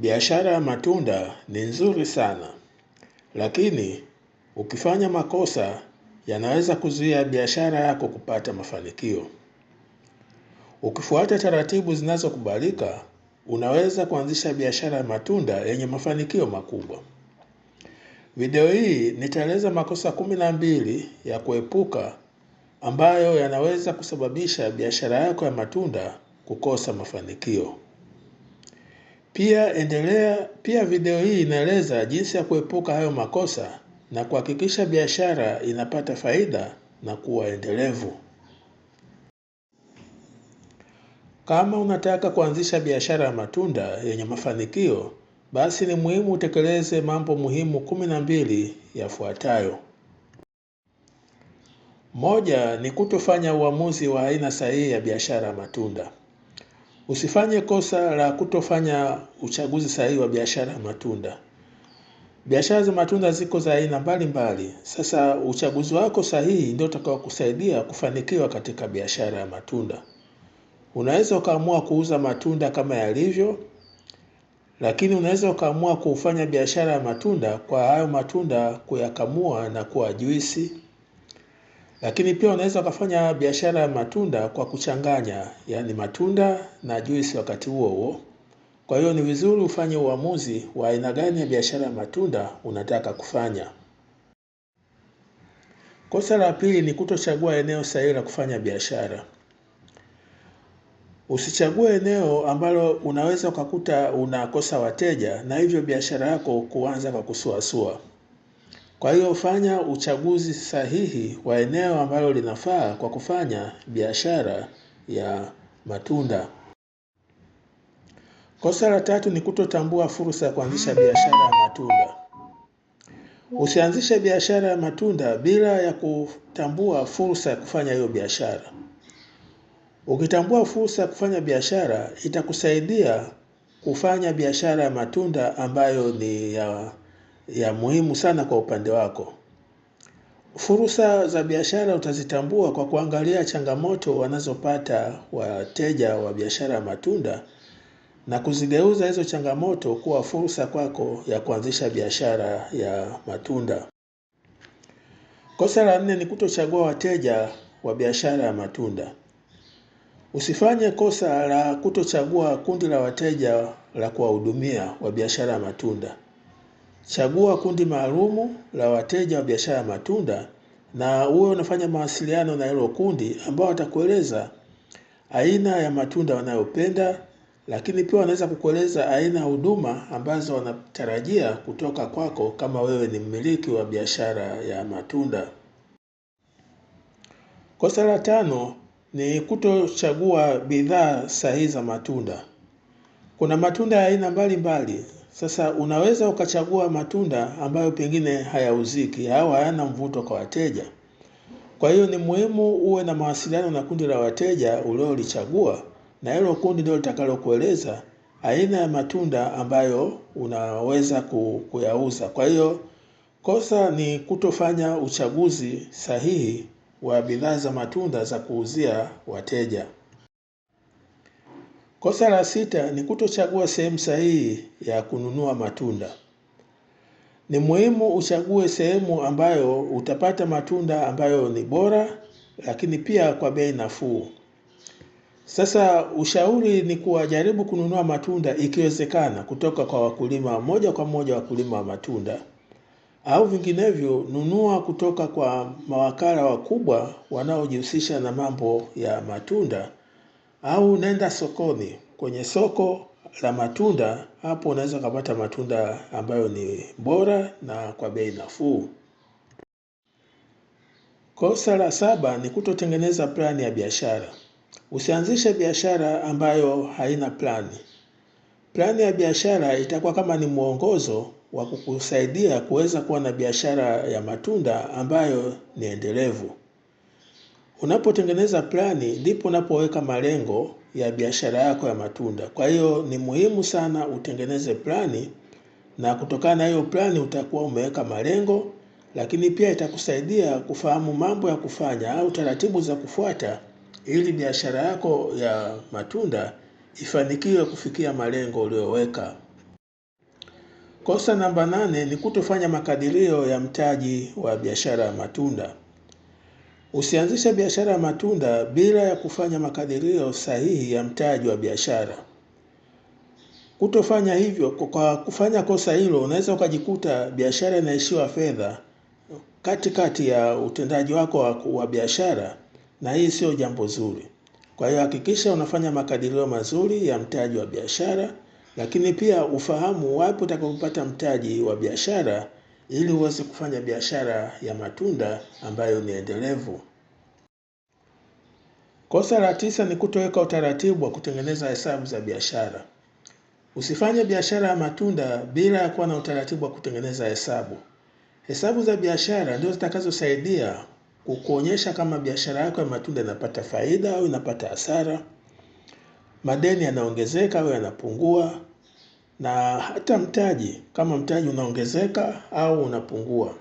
Biashara ya matunda ni nzuri sana, lakini ukifanya makosa yanaweza kuzuia biashara yako kupata mafanikio. Ukifuata taratibu zinazokubalika, unaweza kuanzisha biashara ya matunda yenye mafanikio makubwa. Video hii nitaeleza makosa kumi na mbili ya kuepuka ambayo yanaweza kusababisha biashara yako ya matunda kukosa mafanikio. Pia endelea pia video hii inaeleza jinsi ya kuepuka hayo makosa na kuhakikisha biashara inapata faida na kuwa endelevu. Kama unataka kuanzisha biashara ya matunda yenye mafanikio, basi ni muhimu utekeleze mambo muhimu kumi na mbili yafuatayo. Moja ni kutofanya uamuzi wa aina sahihi ya biashara ya matunda. Usifanye kosa la kutofanya uchaguzi sahihi wa biashara ya matunda. Biashara za matunda ziko za aina mbalimbali. Sasa uchaguzi wako sahihi ndio utakaokusaidia kufanikiwa katika biashara ya matunda. Unaweza ukaamua kuuza matunda kama yalivyo, lakini unaweza ukaamua kufanya biashara ya matunda kwa hayo matunda kuyakamua na kuwa juisi lakini pia unaweza ukafanya biashara ya matunda kwa kuchanganya, yaani matunda na juisi wakati huo huo. Kwa hiyo ni vizuri ufanye uamuzi wa aina gani ya biashara ya matunda unataka kufanya. Kosa la pili ni kutochagua eneo sahihi la kufanya biashara. Usichague eneo ambalo unaweza ukakuta unakosa wateja na hivyo biashara yako kuanza kwa kusuasua. Kwa hiyo fanya uchaguzi sahihi wa eneo ambalo linafaa kwa kufanya biashara ya matunda. Kosa la tatu ni kutotambua fursa ya kuanzisha biashara ya matunda. Usianzishe biashara ya matunda bila ya kutambua fursa ya kufanya hiyo biashara. Ukitambua fursa ya kufanya biashara itakusaidia kufanya biashara ya matunda ambayo ni ya ya muhimu sana kwa upande wako. Fursa za biashara utazitambua kwa kuangalia changamoto wanazopata wateja wa biashara ya matunda na kuzigeuza hizo changamoto kuwa fursa kwako ya kuanzisha biashara ya matunda. Kosa la nne ni kutochagua wateja wa biashara ya matunda. Usifanye kosa la kutochagua kundi la wateja la kuwahudumia wa biashara ya matunda. Chagua kundi maalumu la wateja wa biashara ya matunda na uwe unafanya mawasiliano na hilo kundi, ambao watakueleza aina ya matunda wanayopenda, lakini pia wanaweza kukueleza aina ya huduma ambazo wanatarajia kutoka kwako kama wewe ni mmiliki wa biashara ya matunda. Kosa la tano ni kutochagua bidhaa sahihi za matunda. Kuna matunda ya aina mbalimbali sasa unaweza ukachagua matunda ambayo pengine hayauziki au hayana mvuto kwa wateja. Kwa hiyo ni muhimu uwe na mawasiliano na kundi la wateja uliolichagua na hilo kundi ndio litakalokueleza aina ya matunda ambayo unaweza kuyauza. Kwa hiyo kosa ni kutofanya uchaguzi sahihi wa bidhaa za matunda za kuuzia wateja. Kosa la sita ni kutochagua sehemu sahihi ya kununua matunda. Ni muhimu uchague sehemu ambayo utapata matunda ambayo ni bora, lakini pia kwa bei nafuu. Sasa ushauri ni kuwajaribu kununua matunda ikiwezekana kutoka kwa wakulima moja kwa moja, wakulima wa matunda, au vinginevyo nunua kutoka kwa mawakala wakubwa wanaojihusisha na mambo ya matunda au unaenda sokoni kwenye soko la matunda, hapo unaweza ukapata matunda ambayo ni bora na kwa bei nafuu. Kosa la saba ni kutotengeneza plani ya biashara. Usianzishe biashara ambayo haina plani. Plani ya biashara itakuwa kama ni mwongozo wa kukusaidia kuweza kuwa na biashara ya matunda ambayo ni endelevu. Unapotengeneza plani ndipo unapoweka malengo ya biashara yako ya matunda. Kwa hiyo ni muhimu sana utengeneze plani na kutokana na hiyo plani utakuwa umeweka malengo, lakini pia itakusaidia kufahamu mambo ya kufanya au taratibu za kufuata ili biashara yako ya matunda ifanikiwe kufikia malengo uliyoweka. Kosa namba nane ni kutofanya makadirio ya mtaji wa biashara ya matunda. Usianzishe biashara ya matunda bila ya kufanya makadirio sahihi ya mtaji wa biashara. Kutofanya hivyo, kwa kufanya kosa hilo, unaweza ukajikuta biashara inaishiwa fedha katikati ya utendaji wako wa biashara, na hii sio jambo zuri. Kwa hiyo hakikisha unafanya makadirio mazuri ya mtaji wa biashara, lakini pia ufahamu wapi utakapopata mtaji wa biashara ili uweze kufanya biashara ya matunda ambayo ni endelevu. Kosa la tisa ni kutoweka utaratibu wa kutengeneza hesabu za biashara. Usifanye biashara ya matunda bila ya kuwa na utaratibu wa kutengeneza hesabu. Hesabu za biashara ndio zitakazosaidia kukuonyesha kama biashara yako ya matunda inapata faida au inapata hasara, madeni yanaongezeka au yanapungua, na hata mtaji, kama mtaji unaongezeka au unapungua.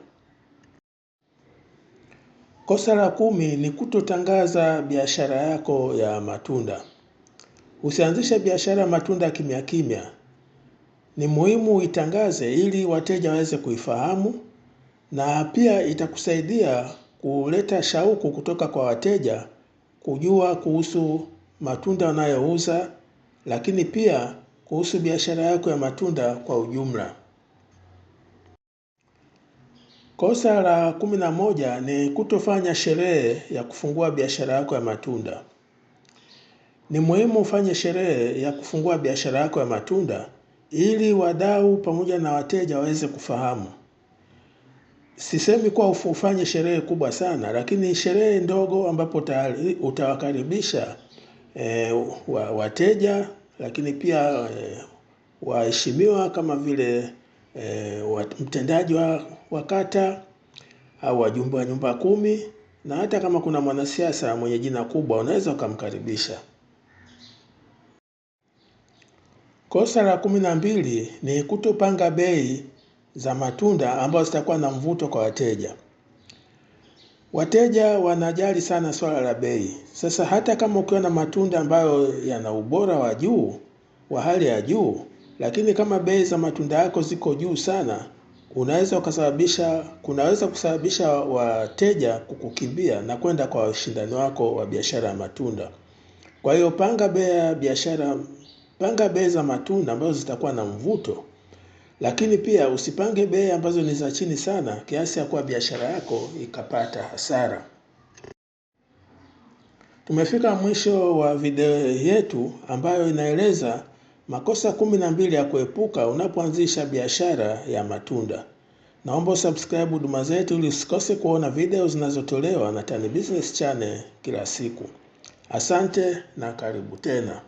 Kosa la kumi ni kutotangaza biashara yako ya matunda. Usianzishe biashara ya matunda kimya kimya. Ni muhimu uitangaze ili wateja waweze kuifahamu na pia itakusaidia kuleta shauku kutoka kwa wateja kujua kuhusu matunda wanayouza, lakini pia kuhusu biashara yako ya matunda kwa ujumla. Kosa la kumi na moja ni kutofanya sherehe ya kufungua biashara yako ya matunda. Ni muhimu ufanye sherehe ya kufungua biashara yako ya matunda ili wadau pamoja na wateja waweze kufahamu. Sisemi kuwa ufanye sherehe kubwa sana, lakini sherehe ndogo ambapo utawakaribisha e, wateja lakini pia e, waheshimiwa kama vile e, mtendaji wa, wa kata au wajumbe wa nyumba kumi, na hata kama kuna mwanasiasa mwenye jina kubwa unaweza ukamkaribisha. Kosa la kumi na mbili ni kutopanga bei za matunda ambazo zitakuwa na mvuto kwa wateja. Wateja wanajali sana swala la bei. Sasa hata kama ukiwa na matunda ambayo yana ubora wa juu wa hali ya juu, lakini kama bei za matunda yako ziko juu sana, unaweza ukasababisha, kunaweza kusababisha wateja kukukimbia na kwenda kwa washindani wako wa biashara ya matunda. Kwa hiyo panga bei ya biashara, panga bei za matunda ambazo zitakuwa na mvuto lakini pia usipange bei ambazo ni za chini sana kiasi ya kuwa biashara yako ikapata hasara. Tumefika mwisho wa video yetu ambayo inaeleza makosa kumi na mbili ya kuepuka unapoanzisha biashara ya matunda. Naomba usubscribe huduma zetu ili usikose kuona video zinazotolewa na Tan Business Channel kila siku. Asante na karibu tena.